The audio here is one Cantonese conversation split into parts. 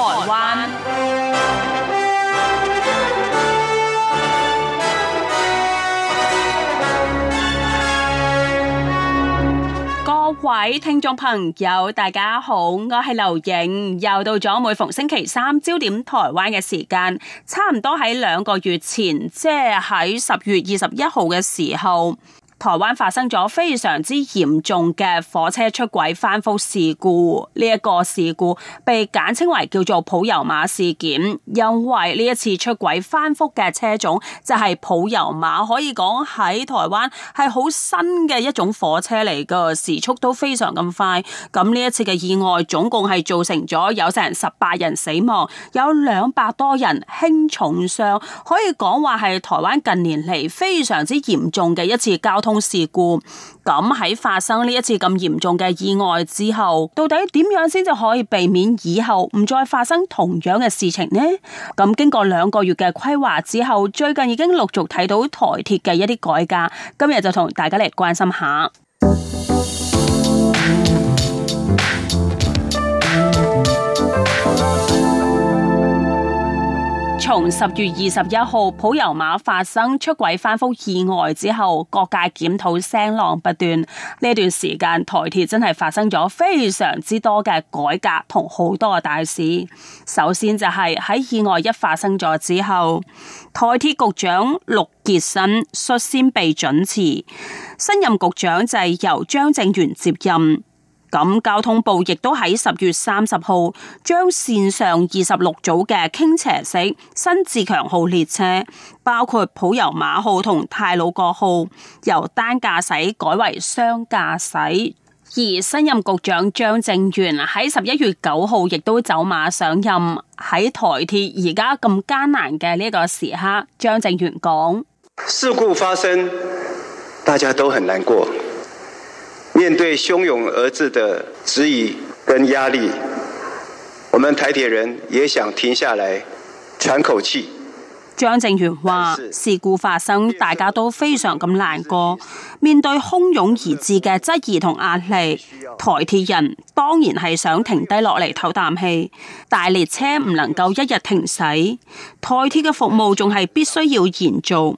台灣，各位聽眾朋友，大家好，我係劉穎，又到咗每逢星期三焦點台灣嘅時間，差唔多喺兩個月前，即係喺十月二十一號嘅時候，台灣發生咗非常之嚴重嘅火車出軌翻覆事故，呢、這、一個事故被簡稱為叫做普悠瑪事件，因為呢一次出軌翻覆嘅車種就係普悠瑪，可以講喺台灣係好新嘅一種火車嚟噶，時速都非常咁快。咁呢一次嘅意外總共係造成咗有成十八人死亡，有兩百多人輕重傷，可以講話係台灣近年嚟非常之嚴重嘅一次交通通事故。咁喺發生呢一次咁嚴重嘅意外之後，到底點樣先至可以避免以後唔再發生同樣嘅事情呢？咁經過兩個月嘅規劃之後，最近已經陸續睇到台鐵嘅一啲改革，今日就同大家嚟關心下。十月二十一號，普悠瑪發生出軌翻覆意外之後，各界檢討聲浪不斷。呢段時間，台鐵真係發生咗非常之多嘅改革同好多嘅大事。首先就係、是、喺意外一發生咗之後，台鐵局長鹿潔身率先被准辭，新任局長就係由張政源接任。咁交通部亦都喺十月三十號將線上二十六組嘅傾斜式新自強號列車，包括普悠瑪號同太魯閣號，由單駕駛改為雙駕駛。而新任局長張政源喺十一月九號亦都走馬上任。喺台鐵而家咁艱難嘅呢個時刻，張政源講：事故發生，大家都很難過。面對洶湧而至的質疑跟壓力，我們台鐵人也想停下來喘口氣。張政源話：事故發生，大家都非常咁難過。面對洶湧而至嘅質疑同壓力，台鐵人當然係想停低落嚟唞啖氣。大列車唔能夠一日停駛，台鐵嘅服務仲係必須要延續。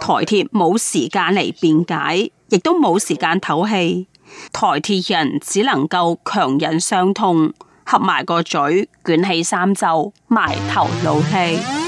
台鐵冇時間嚟辯解。亦都冇時間唞氣，台鐵人只能夠強忍傷痛，合埋個嘴，捲起衫袖，埋頭老氣。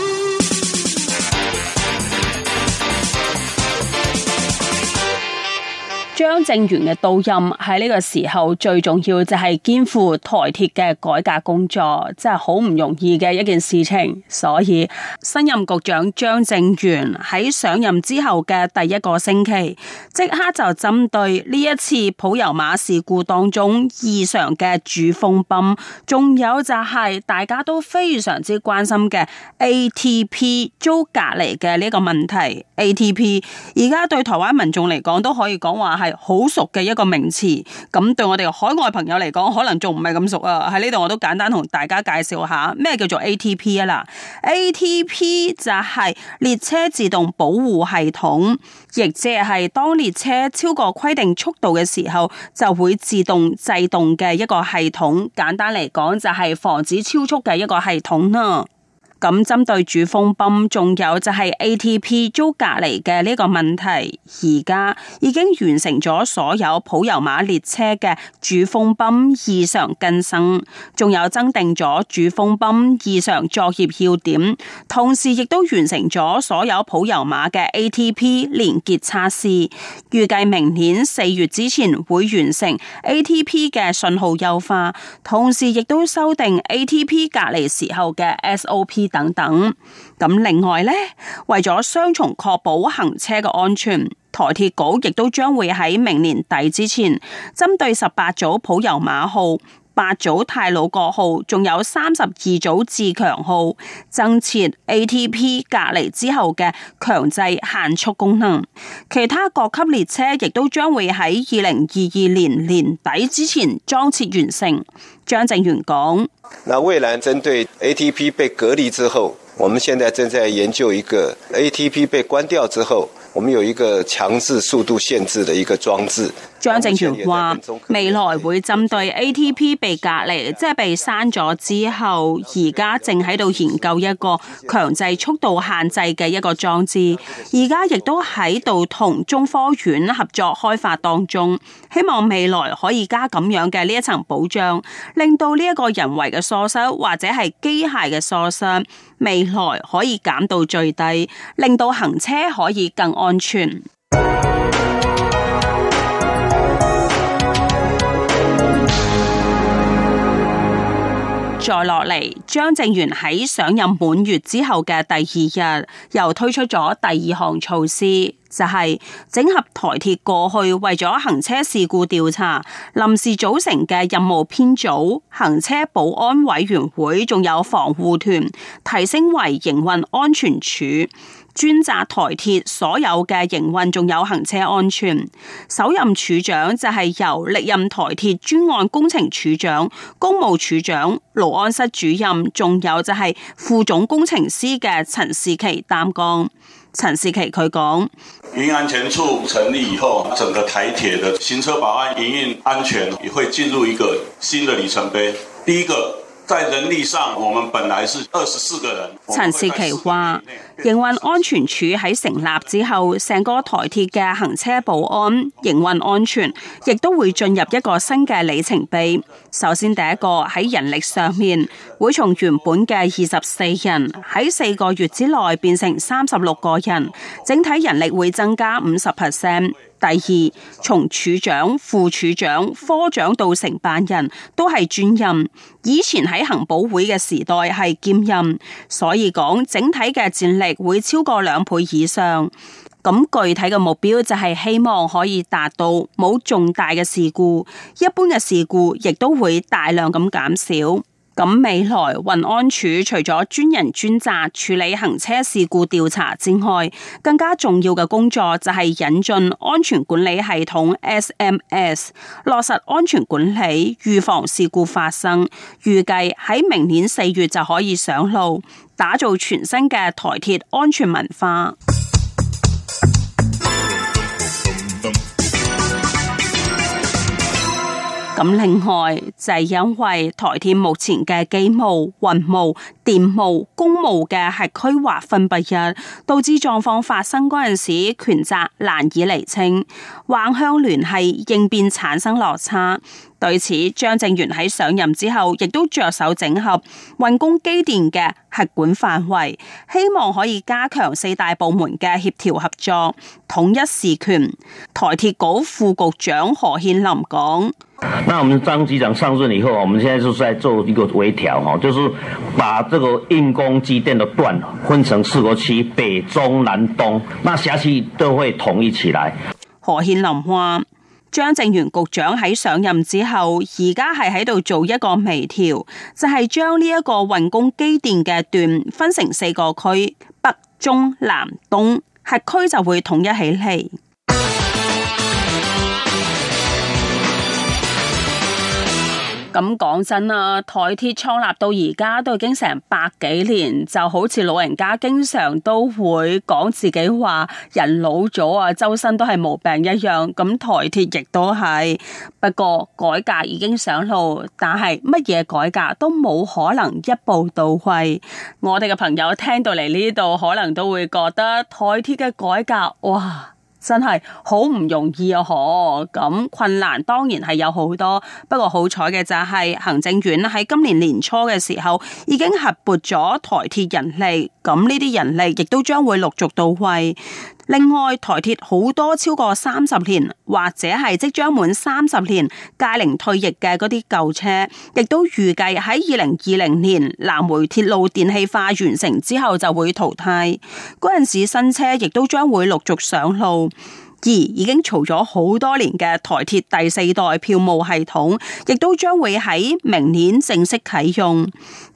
張政源嘅到任，喺呢個時候最重要就係肩負台鐵嘅改革工作，即係好唔容易嘅一件事情。所以新任局長張政源喺上任之後嘅第一個星期，即刻就針對呢一次普悠瑪事故當中異常嘅主風泵，仲有就係大家都非常之關心嘅 ATP 租隔籬嘅呢個問題。ATP 而家對台灣民眾嚟講都可以講話係。好熟嘅一個名詞，咁對我哋海外朋友嚟講，可能仲唔係咁熟啊。喺呢度我都簡單同大家介紹下咩叫做 ATP 啊啦，ATP 就係列車自動保護系統，亦即係當列車超過規定速度嘅時候，就會自動制動嘅一個系統。簡單嚟講，就係防止超速嘅一個系統啦。咁針對主風泵，仲有就係 ATP 租隔離嘅呢個問題，而家已經完成咗所有普悠瑪列車嘅主風泵異常更新，仲有增訂咗主風泵異常作業要點，同時亦都完成咗所有普悠瑪嘅 ATP 連結測試，預計明年四月之前會完成 ATP 嘅信號優化，同時亦都修訂 ATP 隔離時候嘅 SOP。等等，咁另外呢，為咗雙重確保行車嘅安全，台鐵局亦都將會喺明年底之前，針對十八組普悠馬號、八組太魯閣號，仲有三十二組自強號增設 ATP 隔離之後嘅強制限速功能，其他各級列車亦都將會喺二零二二年年底之前裝設完成。張政源講：那未來針對 ATP 被隔離之後，我們現在正在研究一個 ATP 被關掉之後。我們有一個強制速度限制的一個裝置。張政源話：未來會針對 ATP 被隔離，即係被刪咗之後，而家正喺度研究一個強制速度限制嘅一個裝置。而家亦都喺度同中科院合作開發當中，希望未來可以加咁樣嘅呢一層保障，令到呢一個人為嘅疏失或者係機械嘅疏失，未來可以減到最低，令到行車可以更安全。再落嚟，張政源喺上任滿月之後嘅第二日，又推出咗第二項措施，就係整合台鐵過去為咗行車事故調查臨時組成嘅任務編組、行車保安委員會，仲有防護團，提升為營運安全處。專責台鐵所有嘅營運，仲有行車安全。首任處長就係由歷任台鐵專案工程處長、公務處長、勞安室主任，仲有就係副總工程師嘅陳士奇擔綱。陳士奇佢講：營運安全處成立以後，整個台鐵的行車保安、營運安全也會進入一個新嘅里程碑。第一個。在人力上，我們本來是二十四個人。陳士奇話：營運安全署喺成立之後，成個台鐵嘅行車保安營運安全，亦都會進入一個新嘅里程碑。首先，第一個喺人力上面，會從原本嘅二十四人喺四個月之內變成三十六個人，整體人力會增加五十 percent。第二，從處長、副處長、科長到承辦人都係專任，以前喺行保會嘅時代係兼任，所以講整體嘅戰力會超過兩倍以上。咁具體嘅目標就係希望可以達到冇重大嘅事故，一般嘅事故亦都會大量咁減少。咁未來，運安處除咗專人專責處理行車事故調查之外，更加重要嘅工作就係引進安全管理系統 SMS，落實安全管理，預防事故發生。預計喺明年四月就可以上路，打造全新嘅台鐵安全文化。咁另外就係、是、因為台鐵目前嘅機務、運務、電務、工務嘅轄區劃分不一，導致狀況發生嗰陣時權責難以釐清，橫向聯繫應變產生落差。對此，張政源喺上任之後亦都着手整合運工機電嘅轄管範圍，希望可以加強四大部門嘅協調合作，統一事權。台鐵局副局長何憲林講。那我們張局長上任以後，我們現在就是在做一個微調，就是把這個運工機電的段分成四個區，北、中、南、東，那轄區都會統一起來。何憲林話：張政源局長喺上任之後，而家係喺度做一個微調，就係將呢一個運工機電嘅段分成四個區，北、中、南、東，轄區就會統一起嚟。咁講真啦，台鐵創立到而家都已經成百幾年，就好似老人家經常都會講自己話，人老咗啊，周身都係毛病一樣。咁台鐵亦都係，不過改革已經上路，但係乜嘢改革都冇可能一步到位。我哋嘅朋友聽到嚟，呢度可能都會覺得台鐵嘅改革，哇！真係好唔容易啊！嗬、嗯，咁困難當然係有好多，不過好彩嘅就係行政院喺今年年初嘅時候已經核撥咗台鐵人力，咁呢啲人力亦都將會陸續到位。另外，台鐵好多超過三十年或者係即將滿三十年屆齡退役嘅嗰啲舊車，亦都預計喺二零二零年南回鐵路電氣化完成之後就會淘汰。嗰陣時新車亦都將會陸續上路。而已經嘈咗好多年嘅台鐵第四代票務系統，亦都將會喺明年正式啟用。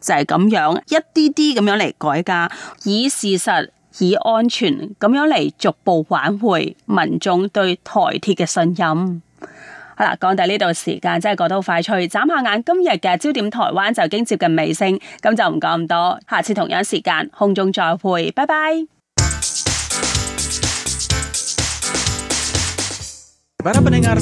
就係、是、咁樣一啲啲咁樣嚟改革，以事實。以安全咁樣嚟逐步挽回民眾對台鐵嘅信任。好啦，講到呢度時間真係過得好快脆，眨下眼今日嘅焦點台灣就已經接近尾聲，咁就唔講咁多。下次同樣時間空中再會，拜拜。不如俾我。